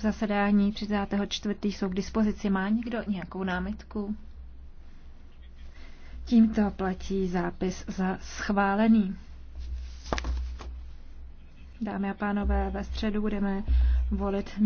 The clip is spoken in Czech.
zasedání 34. jsou k dispozici. Má někdo nějakou námitku? Tímto platí zápis za schválený. Dámy a pánové, ve středu budeme volit